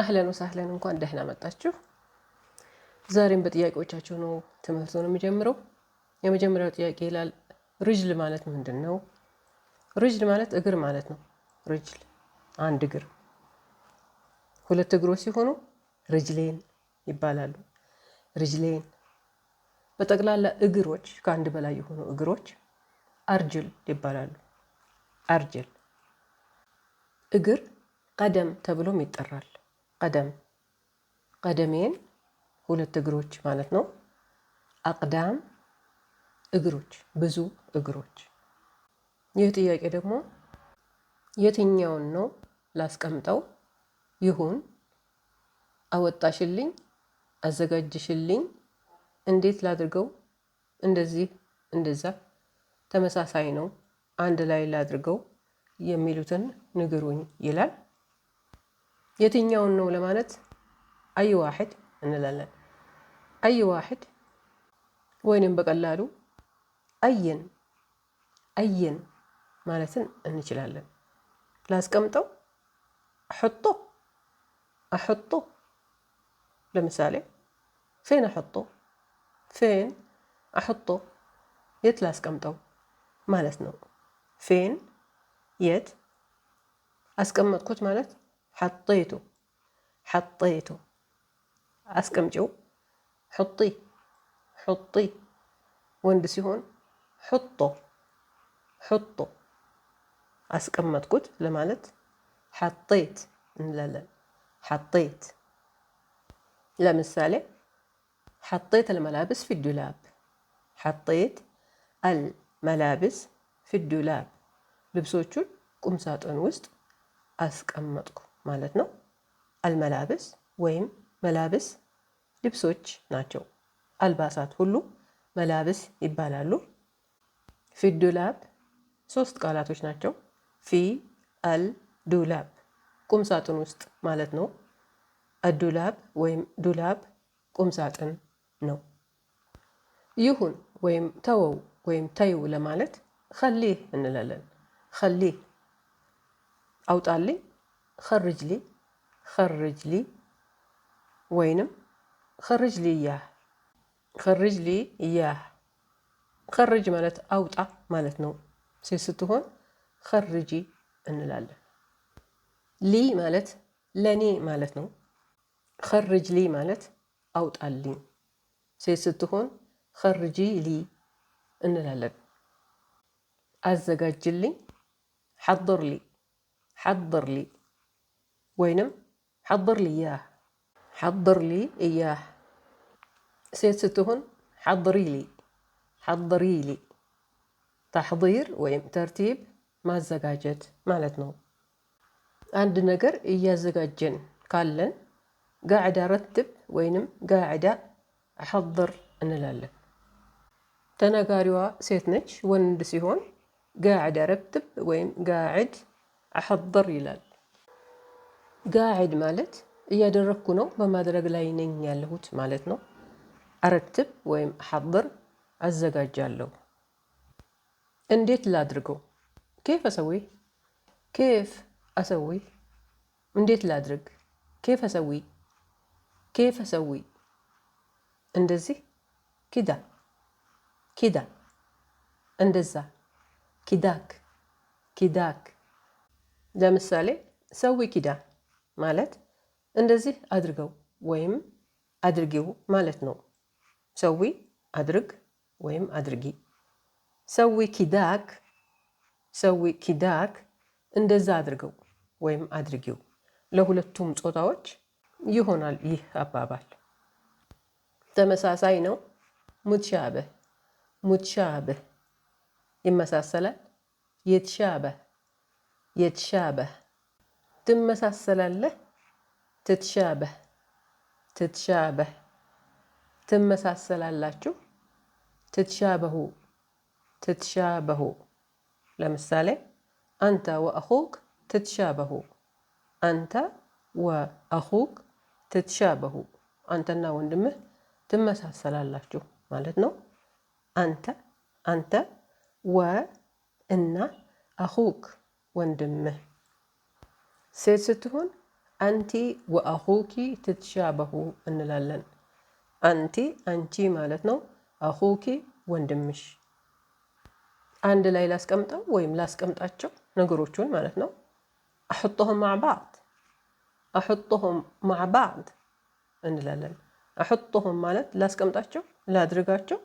አህለን ወሳህለን እንኳን ደህና መጣችሁ። ዛሬም በጥያቄዎቻችሁ ነው ትምህርቱ ነው የሚጀምረው። የመጀመሪያው ጥያቄ ይላል ርጅል ማለት ምንድን ነው? ርጅል ማለት እግር ማለት ነው። ርጅል አንድ እግር፣ ሁለት እግሮች ሲሆኑ ርጅሌን ይባላሉ። ርጅሌን በጠቅላላ እግሮች፣ ከአንድ በላይ የሆኑ እግሮች አርጅል ይባላሉ። አርጅል እግር ቀደም ተብሎም ይጠራል። ቀደም ቀደሜን ሁለት እግሮች ማለት ነው። አቅዳም እግሮች፣ ብዙ እግሮች። ይህ ጥያቄ ደግሞ የትኛውን ነው ላስቀምጠው ይሁን አወጣሽልኝ፣ አዘጋጅሽልኝ፣ እንዴት ላድርገው፣ እንደዚህ እንደዛ፣ ተመሳሳይ ነው፣ አንድ ላይ ላድርገው የሚሉትን ንግሩኝ ይላል። የትኛውን ነው ለማለት አይ ዋሕድ እንላለን። አይ ዋሕድ ወይንም በቀላሉ አየን አየን ማለትን እንችላለን። ላስቀምጠው፣ አሕጦ አሕጦ። ለምሳሌ ፌን አሕጦ፣ ፌን አሕጦ፣ የት ላስቀምጠው ማለት ነው። ፌን የት አስቀመጥኩት ማለት حطيته حطيته أسكم جو حطي حطي وندسي هون حطه حطه أسكم ما تكوت لمالت حطيت لا لا حطيت لا مثالي حطيت الملابس في الدولاب حطيت الملابس في الدولاب لبسوتشو قمصات انوست اسكمتكم ማለት ነው። አልመላብስ ወይም መላብስ ልብሶች ናቸው። አልባሳት ሁሉ መላብስ ይባላሉ። ፊዱላብ ሶስት ቃላቶች ናቸው። ፊ አል ዱላብ ቁም ሳጥን ውስጥ ማለት ነው። አዱላብ ወይም ዱላብ ቁም ሳጥን ነው። ይሁን ወይም ተወው ወይም ተይው ለማለት ከሊህ እንላለን። ከሊህ አውጣልኝ خرج لي خرج لي وينم خرج لي إياه خرج لي إياه خرج مالت أوطى مالت نو ستون خرجي انلال لي مالت لني مالت نو خرج لي مالت أوطى لي سيستهون خرجي لي انلال أزجاج لي حضر لي حضر لي وينم؟ حضر لي إياه حضر لي إياه سيد ستهن حضري لي حضري لي تحضير ويم ترتيب ما زقاجت ما لتنو عند نقر إيا زقاجن كالن قاعدة رتب وينم قاعدة أحضر أن لالة تنقاريوا سيتنج وندسي هون قاعدة رتب ويم قاعد أحضر يلال ጋዕድ ማለት እያደረግኩ ነው፣ በማድረግ ላይ ነኝ ያለሁት ማለት ነው። አረትብ ወይም አሐድር አዘጋጃለሁ። እንዴት ላድርገው? ኬፍ አሰዊ፣ ኬፍ አሰዊ፣ እንዴት ላድርግ? ኬፍ አሰዊ፣ ኬፍ አሰዊ፣ እንደዚህ ኪዳ፣ ኪዳ፣ እንደዛ ኪዳክ፣ ኪዳክ። ለምሳሌ ሰዊ ኪዳ ማለት እንደዚህ አድርገው ወይም አድርጊው ማለት ነው። ሰዊ አድርግ ወይም አድርጊ። ሰዊ ኪዳክ፣ ሰዊ ኪዳክ፣ እንደዛ አድርገው ወይም አድርጊው። ለሁለቱም ጾታዎች ይሆናል ይህ አባባል። ተመሳሳይ ነው። ሙትሻበህ ሙትሻበህ ይመሳሰላል። የትሻበህ የትሻበህ ትመሳሰላለህ ትትሻበህ ትትሻበህ ትመሳሰላላችሁ ትትሻበሁ ትትሻበሁ ለምሳሌ አንተ ወአኹክ ትትሻበሁ አንተ ወአኹክ ትትሻበሁ አንተና ወንድምህ ትመሳሰላላችሁ ማለት ነው። አንተ አንተ ወ እና አኹክ ወንድምህ ሴት ስትሆን አንቲ ወአኹኪ ትትሻበሁ እንላለን። አንቲ አንቺ ማለት ነው። አኹኪ ወንድምሽ። አንድ ላይ ላስቀምጠው ወይም ላስቀምጣቸው ነገሮቹን ማለት ነው። አሑጦሁም ማዕ ባዕድ አሑጦሁም እንላለን። አሑጦሁም ማለት ላስቀምጣቸው፣ ላድርጋቸው።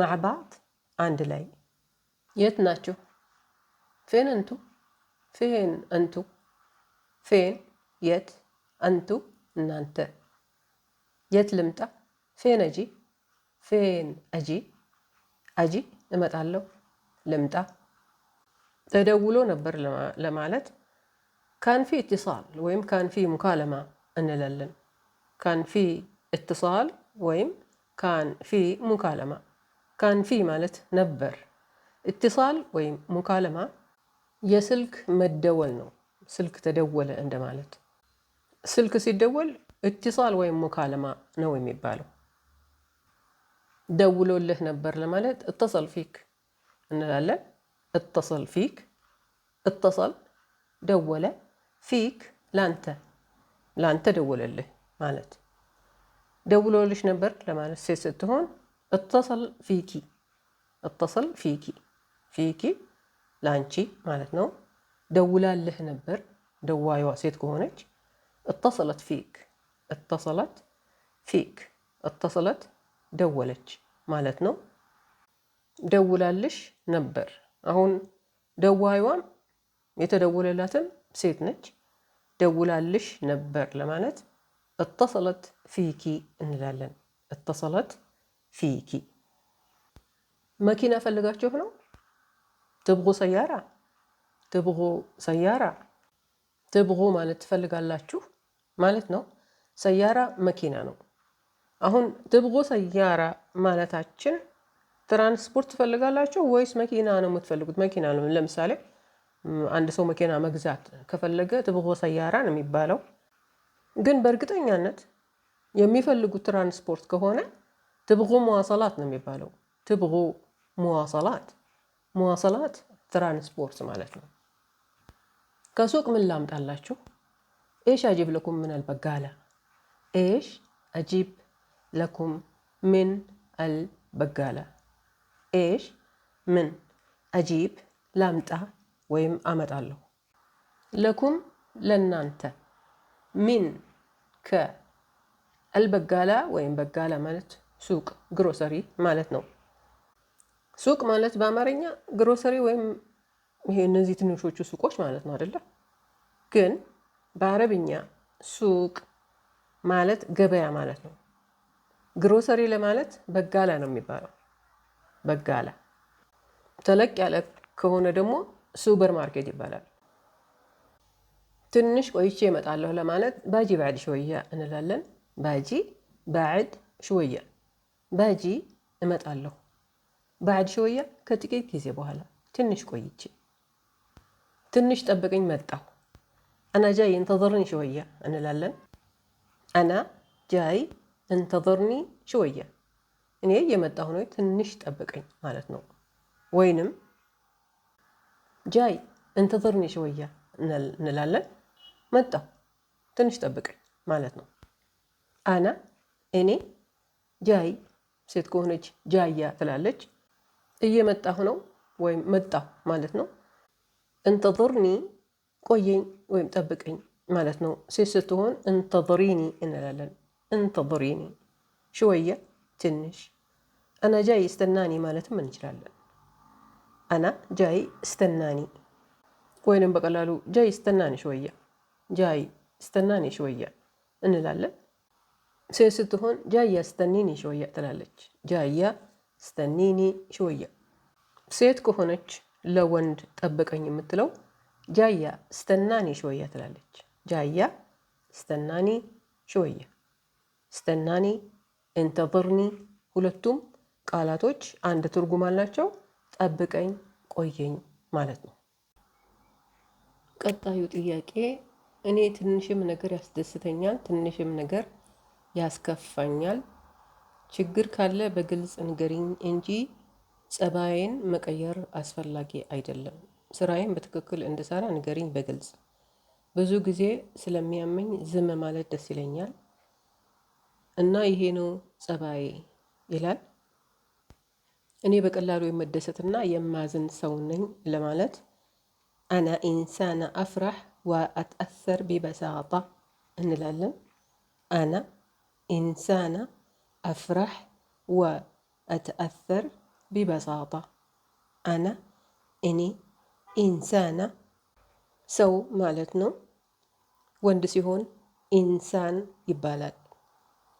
ማዕ አንድ ላይ። የት ናችሁ? ፌን እንቱ ፌን እንቱ ፌን የት፣ አንቱ እናንተ። የት ልምጣ? ፌን አጂ፣ ፌን አጂ፣ አጂ እመጣለሁ፣ ልምጣ። ተደውሎ ነበር ለማለት ካን ፊ ኢትሳል ወይም ካን ሙካለማ እንላለን። ካን ፊ ኢትሳል ወይም ካን ፊ ሙካለማ። ካን ማለት ነበር። ኢትሳል ወይም ሙካለማ የስልክ መደወል ነው። ስልክ ተደወለ እንደማለት። ስልክ ሲደወል እትሳል ወይም ሙካለማ ነው የሚባለው። ደውሎልህ ነበር ለማለት እተሰል ፊክ እንላለን። እተሰል ፊክ፣ እተሰል ደወለ፣ ፊክ ላንተ፣ ላንተ ደወለልህ ማለት። ደውሎልሽ ነበር ለማለት ሴት ስትሆን እተሰል ፊኪ፣ እተሰል ፊኪ፣ ፊኪ ላንቺ ማለት ነው። دولا لح نبر دواي واسيت كونج اتصلت فيك اتصلت فيك اتصلت دولج مالتنا دولالش نبر أهون دوايوام يتدول لاتم سيتنج دولا دولالش نبر لمانت اتصلت فيكي انلالن اتصلت فيكي ماكينة فلقات شوفنا تبغو سيارة ትብሆ ሰያራ ትብሆ ማለት ትፈልጋላችሁ ማለት ነው። ሰያራ መኪና ነው። አሁን ትብሆ ሰያራ ማለታችን ትራንስፖርት ትፈልጋላችሁ ወይስ መኪና ነው የምትፈልጉት? መኪና ነው። ለምሳሌ አንድ ሰው መኪና መግዛት ከፈለገ ትብሆ ሰያራ ነው የሚባለው። ግን በእርግጠኛነት የሚፈልጉት ትራንስፖርት ከሆነ ትብሆ መዋሰላት ነው የሚባለው። ትብሆ መዋሰላት መዋሰላት ትራንስፖርት ማለት ነው። ከሱቅ ምን ላምጣላችሁ? ኤሽ አጂብ ለኩም ምን አልበጋላ። ኤሽ አጂብ ለኩም ምን አልበጋላ። ኤሽ ምን አጂብ ላምጣ ወይም አመጣለሁ። ለኩም ለእናንተ፣ ሚን ከ አልበጋላ ወይም በጋላ ማለት ሱቅ ግሮሰሪ ማለት ነው። ሱቅ ማለት በአማርኛ ግሮሰሪ ወይም ይሄ እነዚህ ትንሾቹ ሱቆች ማለት ነው አይደለም። ግን በአረብኛ ሱቅ ማለት ገበያ ማለት ነው። ግሮሰሪ ለማለት በጋላ ነው የሚባለው። በጋላ ተለቅ ያለ ከሆነ ደግሞ ሱፐር ማርኬት ይባላል። ትንሽ ቆይቼ እመጣለሁ ለማለት ባጂ ባዕድ ሽወያ እንላለን። ባጂ ባዕድ ሽወያ ባጂ እመጣለሁ፣ ባዕድ ሽወያ ከጥቂት ጊዜ በኋላ፣ ትንሽ ቆይቼ ትንሽ ጠብቅኝ መጣሁ። አና ጃይ እንተዘርኒ ሽወያ እንላለን። አና ጃይ እንተዘርኒ ሽወያ፣ እኔ የመጣሁ ነው ትንሽ ጠብቀኝ ማለት ነው። ወይንም ጃይ እንተዘርኒ ሽወያ እንላለን። መጣሁ ትንሽ ጠብቀኝ ማለት ነው። አና እኔ፣ ጃይ ሴት ከሆነች ጃያ ትላለች። እየመጣሁ ነው ወይም መጣሁ ማለት ነው። እንተظርኒ ቆየኝ ወይም ጠብቀኝ ማለት ነው። ሴት ስትሆን እንተዞሪኒ እንላለን። እንተዞሪኒ ሽወያ ትንሽ። አና ጃይ እስተናኒ ማለትም እንችላለን። አና ጃይ እስተናኒ ወይንም በቀላሉ ጃይ እስተናኒ ሽወያ፣ ጃይ እስተናኒ ሽወያ እንላለን። ሴት ስትሆን ጃያ እስተኒኒ ሽወያ ትላለች። ጃያ እስተኒኒ ሽወያ ሴት ከሆነች ለወንድ ጠብቀኝ የምትለው ጃያ ስተናኒ ሽወያ ትላለች። ጃያ ስተናኒ ሽወያ ስተናኒ እንተظርኒ፣ ሁለቱም ቃላቶች አንድ ትርጉም አላቸው። ጠብቀኝ፣ ቆየኝ ማለት ነው። ቀጣዩ ጥያቄ እኔ ትንሽም ነገር ያስደስተኛል፣ ትንሽም ነገር ያስከፋኛል። ችግር ካለ በግልጽ ንገሪኝ እንጂ ፀባይን መቀየር አስፈላጊ አይደለም። ስራዬን በትክክል እንድሰራ ንገሪኝ በግልጽ። ብዙ ጊዜ ስለሚያመኝ ዝም ማለት ደስ ይለኛል። እና ይሄ ነው ጸባዬ ይላል። እኔ በቀላሉ የመደሰትና የማዝን ሰው ነኝ ለማለት አና ኢንሳና አፍራህ ወአትአሰር ቢበሳጣ እንላለን። አና ኢንሳና አፍራህ ወአትአሰር ببساطة أنا እኔ ኢንሳና ሰው ማለት ነው። ወንድ ሲሆን ኢንሳን ይባላል።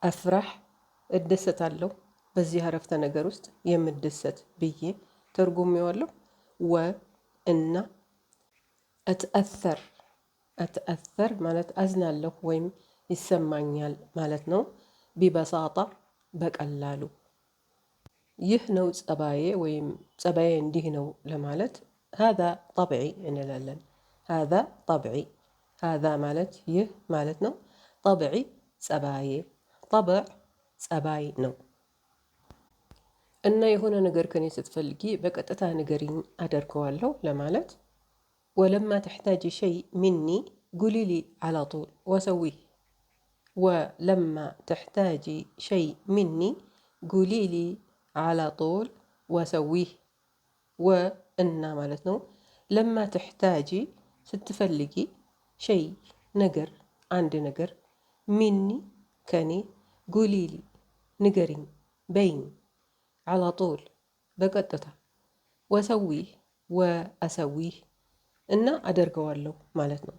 አፍራህ እደሰታለሁ። በዚህ አረፍተ ነገር ውስጥ የምደሰት ብዬ ተርጉሜዋለሁ። ወ እና አትአተር አትአተር ማለት አዝናለሁ ወይም ይሰማኛል ማለት ነው። ቢበሳጣ በቀላሉ يه نو صباي ويم صباين دي نو لمالت هذا طبعي ان لالن هذا طبعي هذا مالت يه مالت نو طبيعي صباي طبع صباي نو እና የሆነ ነገር ከኔ ስትፈልጊ በቀጥታ ንገሪኝ አደርገዋለሁ ለማለት ወለማ ተሕታጅ ሸይ ሚኒ ጉሊሊ አላ ጡል ወሰዊ ወለማ ተሕታጅ ሸይ ሚኒ ጉሊሊ على طول واسويه وان مالتنا لما تحتاجي ستفلقي شيء نقر عندي نقر مني كني قولي لي نقرين بين على طول بقطته واسويه واسويه ان ادرقوا له مالتنا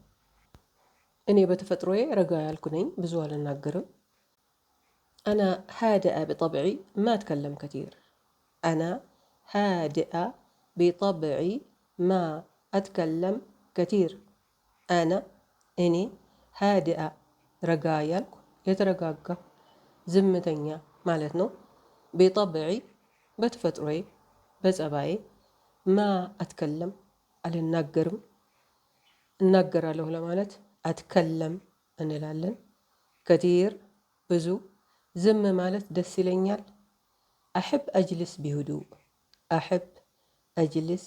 اني بتفطروي رجال كنين بزوال الناقرم أنا هادئة بطبعي ما أتكلم كثير أنا هادئة بطبعي ما أتكلم كثير أنا إني هادئة رقايل يترقاقة زمتنيا مالتنو بطبعي بتفتري بزباي ما أتكلم له እናገራለሁ أتكلم አትከለም እንላለን። كثير بزو ዝም ማለት ደስ ይለኛል። አሕብ አጅልስ ቢሁዱ አሕብ አጅልስ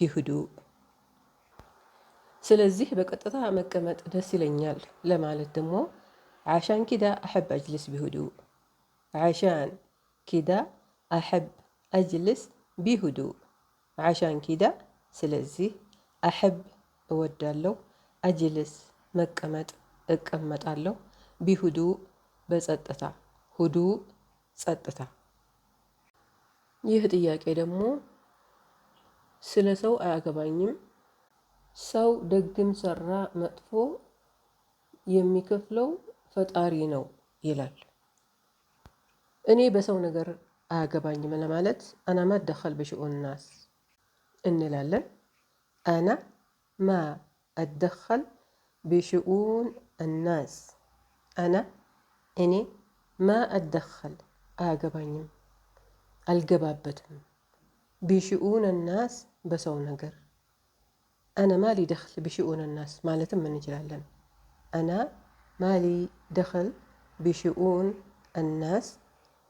ቢሁዱ ስለዚህ በቀጥታ መቀመጥ ደስ ይለኛል ለማለት ደግሞ ዓሻን ኪዳ አሕብ አጅልስ ቢሁዱ ዓሻን ኪዳ አሕብ አጅልስ ቢሁዱ ዓሻን ኪዳ ስለዚህ አሕብ እወዳለሁ አጅልስ መቀመጥ እቀመጣለሁ ቢሁዱ በጸጥታ ሁዱ ጸጥታ። ይህ ጥያቄ ደግሞ ስለ ሰው አያገባኝም፣ ሰው ደግም ሰራ መጥፎ የሚከፍለው ፈጣሪ ነው ይላል። እኔ በሰው ነገር አያገባኝም ለማለት አና ማ ደኸል ብሽኡን ናስ እንላለን። አና ማ አደኸል ብሽኡን ናስ አና እኔ ማ አደኸል አያገባኝም፣ አልገባበትም። ቢሽኡን ናስ በሰው ነገር አነ ማሊ ደኸል ቢሽኡን ናስ ማለትም እንችላለን። አና ማሊ ደኸል ቢሽኡን እናስ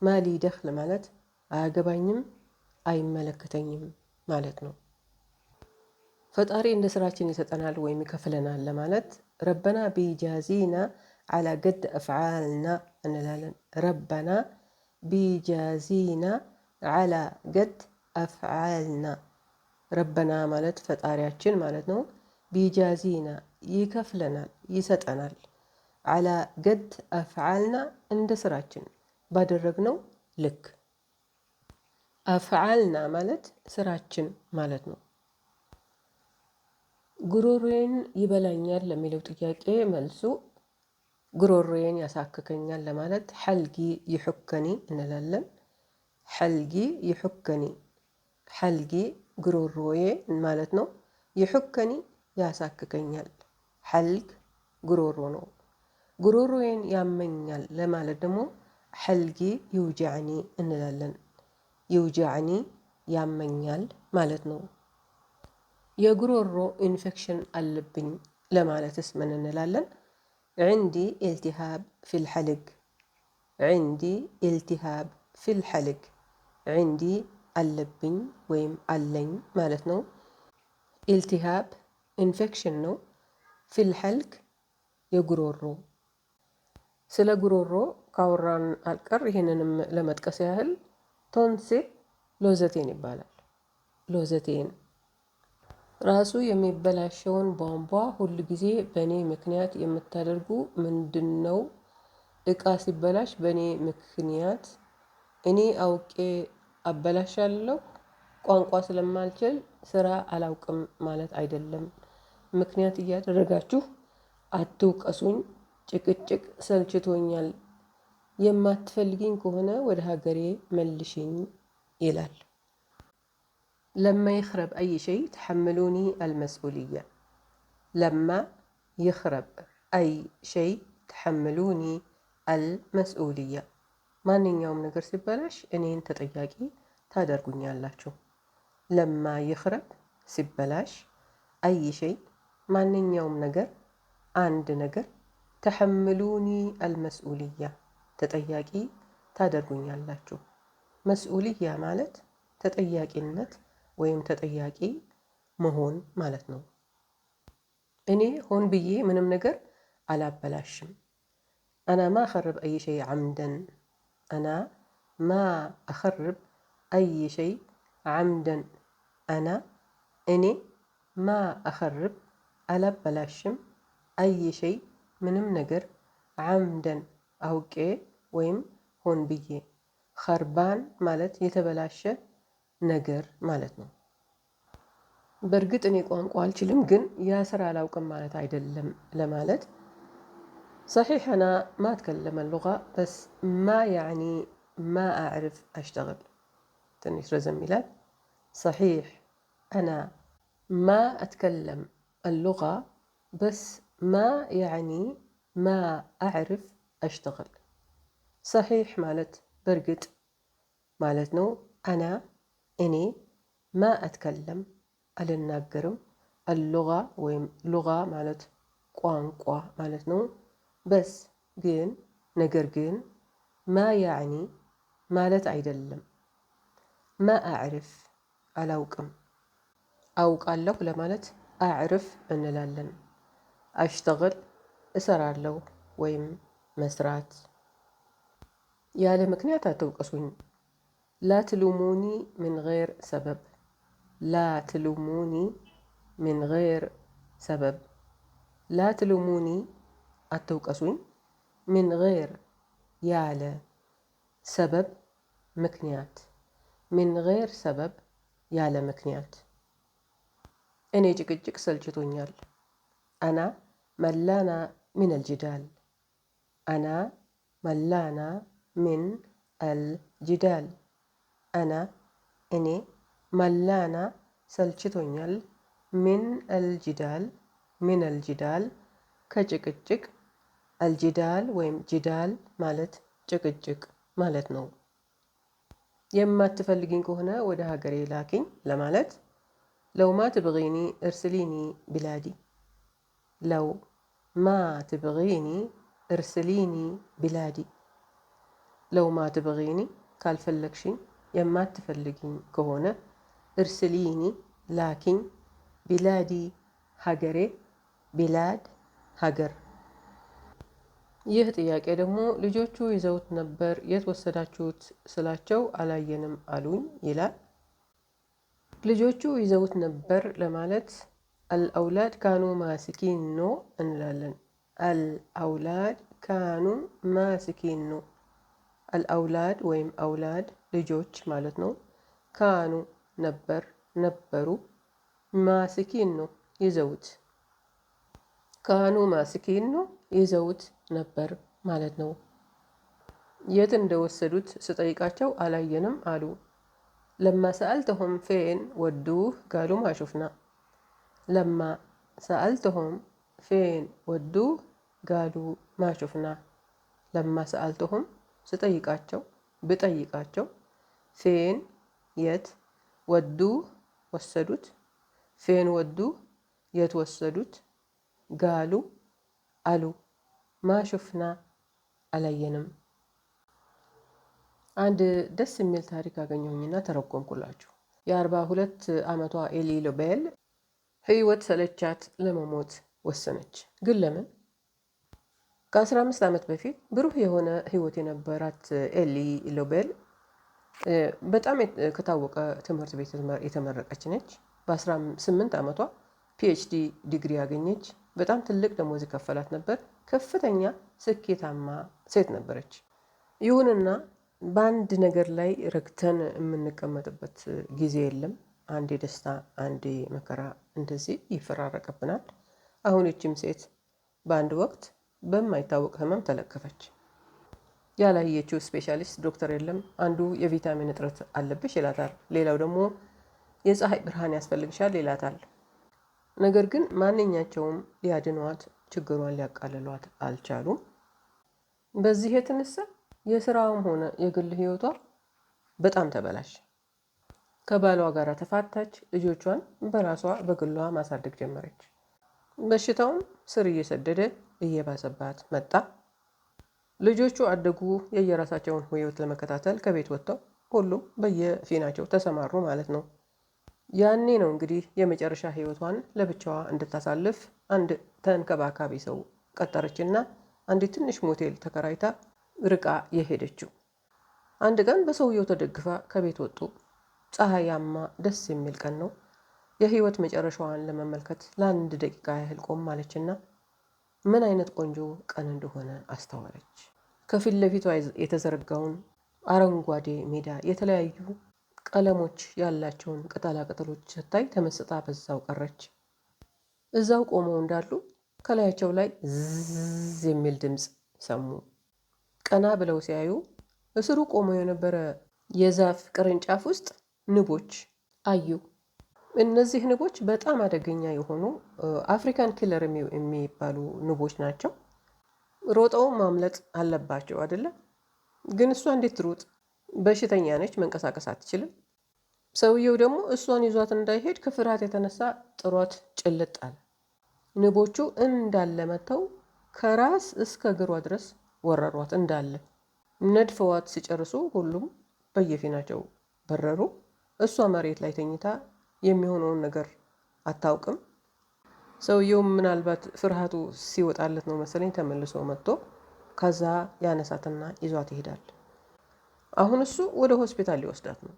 ማሊ ደኸል ማለት አያገባኝም፣ አይመለከተኝም ማለት ነው። ፈጣሪ እንደ ስራችን ይሰጠናል ወይም ይከፍለናል ለማለት ረበና ቢጃዚና አላ ገድ አፍዓልና እንላለን። ረበና ቢጃዚና አላ ገድ አፍዓልና። ረበና ማለት ፈጣሪያችን ማለት ነው። ቢጃዚና ይከፍለናል፣ ይሰጠናል። አላ ገድ አፍዓልና እንደ ስራችን ባደረግነው ልክ። አፍዓልና ማለት ስራችን ማለት ነው። ጉሮሮዬን ይበላኛል ለሚለው ጥያቄ መልሱ ጉሮሮዬን ያሳክከኛል ለማለት ሐልጊ ይሑከኒ እንላለን። ሐልጊ ይሑከኒ፣ ሐልጊ ጉሮሮዬ ማለት ነው። ይሑከኒ ያሳክከኛል። ሐልግ ጉሮሮ ነው። ጉሮሮዬን ያመኛል ለማለት ደግሞ ሐልጊ ይውጃዕኒ እንላለን። ይውጃዕኒ ያመኛል ማለት ነው። የጉሮሮ ኢንፌክሽን አለብኝ ለማለትስ ምን እንላለን? عندي التهاب في الحلق عندي التهاب في الحلق عندي اللبن ويم اللين مالتنا التهاب infection نو في الحلق يقرورو سلا قرورو كوران الكر هنا لما تكسي أهل تونسي لوزتين يبالا لوزتين ራሱ የሚበላሸውን ቧንቧ ሁል ጊዜ በእኔ ምክንያት የምታደርጉ ነው? እቃ ሲበላሽ በእኔ ምክንያት እኔ አውቄ አበላሻለሁ ቋንቋ ስለማልችል ስራ አላውቅም ማለት አይደለም። ምክንያት እያደረጋችሁ አትውቀሱኝ ጭቅጭቅ ሰልችቶኛል። የማትፈልጊኝ ከሆነ ወደ ሀገሬ መልሽኝ ይላል ለማ ይኽረብ አይ ሸይ ተሐምሉኒ አልመስኡልያ ለማ ይኽረብ አይ ሸይ ተሐምሉኒ አልመስኡልያ ማንኛውም ነገር ሲበላሽ እኔን ተጠያቂ ታደርጉኛላችሁ። ለማ ይኽረብ ሲበላሽ፣ አይ ሸይ ማንኛውም ነገር አንድ ነገር፣ ተሐምሉኒ አልመስኡልያ ተጠያቂ ታደርጉኛላችሁ። መስኡልያ ማለት ተጠያቂነት ወይም ተጠያቂ መሆን ማለት ነው። እኔ ሆን ብዬ ምንም ነገር አላበላሽም። አና ማ አኸርብ አይ ሸይ ዓምደን አና ማ አኸርብ አይ ሸይ ዓምደን አና እኔ ማ አኸርብ አላበላሽም አይ ሸይ ምንም ነገር ዓምደን አውቄ ወይም ሆን ብዬ። ኸርባን ማለት የተበላሸ ነገር ማለት ነው። በእርግጥ እኔ ቋንቋ አልችልም፣ ግን ያ ስራ አላውቅም ማለት አይደለም ለማለት صحيح أنا ما أتكلم اللغة بس ما يعني ما أعرف أشتغل ትንሽ ረዘም ይላል። صحيح أنا ما أتكلم اللغة بس ما يعني ما أعرف أشتغل صحيح مالت በእርግጥ ማለት ነው أنا እኔ ማ አትከለም አልናገርም አልሉጋ ወይም ሉጋ ማለት ቋንቋ ማለት ነው። በስ ግን ነገር ግን ማ ያዕኒ ማለት አይደለም። ማ አዕርፍ አላውቅም። አውቃለሁ ለማለት አዕርፍ እንላለን። አሽተግል እሰራለሁ ወይም መስራት ያለ ምክንያት አትውቀሱኝ لا تلوموني من غير سبب لا تلوموني من غير سبب لا تلوموني أتوقسون من غير يعلى سبب مكنيات من غير سبب يعلى مكنيات أنا جيك سلجتونيال أنا ملانة من الجدال أنا ملانة من الجدال അന እኔ മല്ലാന ሰልችቶኛል ምን አልጅዳል ምን አልጅዳል ከጭቅጭቅ አልጅዳል ወይም ጅዳል ማለት ጭቅጭቅ ማለት ነው። የማትፈልግኝ ከሆነ ወደ ሀገሬ ላክኝ ለማለት ለው ማ ትብጊኒ እርስሊኒ ቢላዲ ለው ማ ትብጊኒ እርስሊኒ ቢላዲ ለው ማ ትብጊኒ ካልፈለግሽኝ የማትፈልግኝ ከሆነ እርስሊኒ ላኪኝ፣ ቢላዲ ሀገሬ፣ ቢላድ ሀገር። ይህ ጥያቄ ደግሞ ልጆቹ ይዘውት ነበር የት ወሰዳችሁት ስላቸው አላየንም አሉኝ ይላል። ልጆቹ ይዘውት ነበር ለማለት አልአውላድ ካኑ ማስኪን ኖ እንላለን። አልአውላድ ካኑ ማስኪን ኖ። አልአውላድ ወይም አውላድ ልጆች ማለት ነው። ካኑ ነበር፣ ነበሩ። ማስኪን ነው ይዘውት፣ ካኑ ማስኪን ነው ይዘውት ነበር ማለት ነው። የት እንደወሰዱት ስጠይቃቸው አላየንም አሉ። ለማ ሰአልተሆም ፌን ወዱህ ጋሉ ማሹፍና ለማ ሰአልተሆም ፌን ወዱህ ጋሉ ማሹፍና ለማ ሰአልተሆም ስጠይቃቸው ብጠይቃቸው ፌን የት ወዱ ወሰዱት። ፌን ወዱ የት ወሰዱት። ጋሉ አሉ ማሹፍና አላየንም። አንድ ደስ የሚል ታሪክ አገኘሁኝና ተረጎምኩላችሁ። የአርባ ሁለት ዓመቷ ኤሊ ሎቤል ህይወት ሰለቻት ለመሞት ወሰነች። ግን ለምን? ከአስራ አምስት ዓመት በፊት ብሩህ የሆነ ህይወት የነበራት ኤሊ ሎቤል በጣም ከታወቀ ትምህርት ቤት የተመረቀች ነች። በ ስምንት ዓመቷ ፒኤችዲ ዲግሪ ያገኘች በጣም ትልቅ ደሞዝ ይከፈላት ነበር። ከፍተኛ ስኬታማ ሴት ነበረች። ይሁንና በአንድ ነገር ላይ ረግተን የምንቀመጥበት ጊዜ የለም። አንዴ ደስታ፣ አንዴ መከራ እንደዚህ ይፈራረቅብናል። አሁን ይችም ሴት በአንድ ወቅት በማይታወቅ ህመም ተለከፈች። ያላየችው ስፔሻሊስት ዶክተር የለም። አንዱ የቪታሚን እጥረት አለብሽ ይላታል፣ ሌላው ደግሞ የፀሐይ ብርሃን ያስፈልግሻል ይላታል። ነገር ግን ማንኛቸውም ሊያድኗት ችግሯን ሊያቃልሏት አልቻሉም። በዚህ የተነሳ የስራውም ሆነ የግል ህይወቷ በጣም ተበላሽ። ከባሏ ጋር ተፋታች። ልጆቿን በራሷ በግሏ ማሳደግ ጀመረች። በሽታውም ስር እየሰደደ እየባሰባት መጣ። ልጆቹ አደጉ የየራሳቸውን ህይወት ለመከታተል ከቤት ወጥተው ሁሉም በየፊናቸው ተሰማሩ ማለት ነው። ያኔ ነው እንግዲህ የመጨረሻ ህይወቷን ለብቻዋ እንድታሳልፍ አንድ ተንከባካቢ ሰው ቀጠረችና አንድ ትንሽ ሞቴል ተከራይታ ርቃ የሄደችው። አንድ ቀን በሰውየው ተደግፋ ከቤት ወጡ። ፀሐያማ ደስ የሚል ቀን ነው። የህይወት መጨረሻዋን ለመመልከት ለአንድ ደቂቃ ያህል ቆም አለችና ምን አይነት ቆንጆ ቀን እንደሆነ አስተዋለች። ከፊት ለፊቷ የተዘረጋውን አረንጓዴ ሜዳ የተለያዩ ቀለሞች ያላቸውን ቅጠላ ቅጠሎች ስታይ ተመስጣ በዛው ቀረች። እዛው ቆመው እንዳሉ ከላያቸው ላይ ዝዝ የሚል ድምፅ ሰሙ። ቀና ብለው ሲያዩ እስሩ ቆመው የነበረ የዛፍ ቅርንጫፍ ውስጥ ንቦች አዩ። እነዚህ ንቦች በጣም አደገኛ የሆኑ አፍሪካን ኪለር የሚባሉ ንቦች ናቸው። ሮጠው ማምለጥ አለባቸው አይደለም? ግን እሷ እንዴት ትሩጥ? በሽተኛ ነች፣ መንቀሳቀስ አትችልም። ሰውየው ደግሞ እሷን ይዟት እንዳይሄድ ከፍርሃት የተነሳ ጥሯት ጭልጥ አለ። ንቦቹ እንዳለ መተው ከራስ እስከ እግሯ ድረስ ወረሯት። እንዳለ ነድፈዋት ሲጨርሱ ሁሉም በየፊናቸው በረሩ። እሷ መሬት ላይ ተኝታ የሚሆነውን ነገር አታውቅም። ሰውየውም ምናልባት ፍርሃቱ ሲወጣለት ነው መሰለኝ ተመልሶ መጥቶ ከዛ ያነሳትና ይዟት ይሄዳል። አሁን እሱ ወደ ሆስፒታል ሊወስዳት ነው።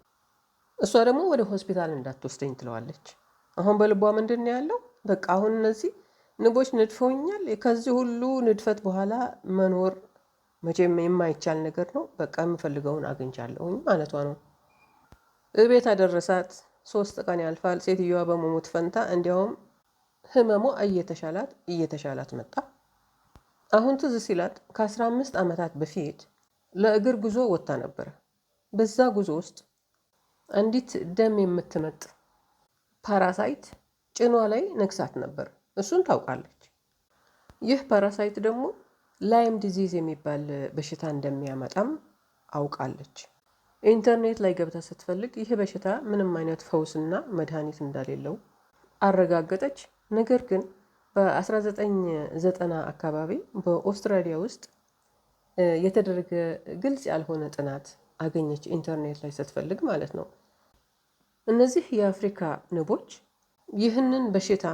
እሷ ደግሞ ወደ ሆስፒታል እንዳትወስደኝ ትለዋለች። አሁን በልቧ ምንድን ነው ያለው? በቃ አሁን እነዚህ ንቦች ንድፈውኛል ከዚህ ሁሉ ንድፈት በኋላ መኖር መቼም የማይቻል ነገር ነው። በቃ የምፈልገውን አግኝቻለሁኝ ማለቷ ነው። እቤት አደረሳት። ሶስት ቀን ያልፋል። ሴትዮዋ በመሞት ፈንታ እንዲያውም ህመሟ እየተሻላት እየተሻላት መጣ። አሁን ትዝ ሲላት ከ15 ዓመታት በፊት ለእግር ጉዞ ወጥታ ነበረ። በዛ ጉዞ ውስጥ አንዲት ደም የምትመጥ ፓራሳይት ጭኗ ላይ ነግሳት ነበር። እሱን ታውቃለች። ይህ ፓራሳይት ደግሞ ላይም ዲዚዝ የሚባል በሽታ እንደሚያመጣም አውቃለች። ኢንተርኔት ላይ ገብታ ስትፈልግ ይህ በሽታ ምንም አይነት ፈውስና መድኃኒት እንደሌለው አረጋገጠች። ነገር ግን በ1990 አካባቢ በኦስትራሊያ ውስጥ የተደረገ ግልጽ ያልሆነ ጥናት አገኘች። ኢንተርኔት ላይ ስትፈልግ ማለት ነው። እነዚህ የአፍሪካ ንቦች ይህንን በሽታ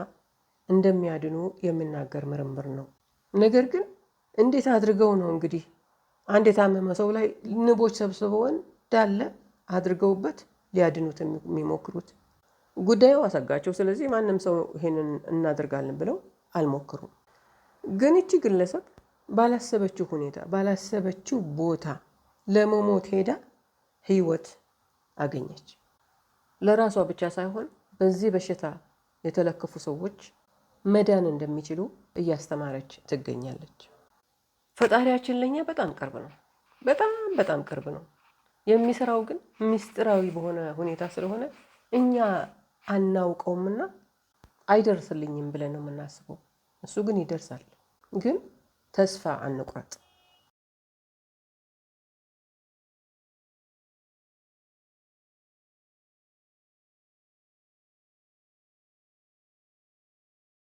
እንደሚያድኑ የሚናገር ምርምር ነው። ነገር ግን እንዴት አድርገው ነው እንግዲህ አንድ የታመመ ሰው ላይ ንቦች ሰብስበውን እንዳለ አድርገውበት ሊያድኑት የሚሞክሩት ጉዳዩ አሰጋቸው። ስለዚህ ማንም ሰው ይሄንን እናደርጋለን ብለው አልሞክሩም። ግን እቺ ግለሰብ ባላሰበችው ሁኔታ ባላሰበችው ቦታ ለመሞት ሄዳ ህይወት አገኘች። ለራሷ ብቻ ሳይሆን በዚህ በሽታ የተለከፉ ሰዎች መዳን እንደሚችሉ እያስተማረች ትገኛለች። ፈጣሪያችን ለእኛ በጣም ቅርብ ነው። በጣም በጣም ቅርብ ነው። የሚሰራው ግን ምስጢራዊ በሆነ ሁኔታ ስለሆነ እኛ አናውቀውምና አይደርስልኝም ብለን ነው የምናስበው። እሱ ግን ይደርሳል። ግን ተስፋ አንቁረጥ።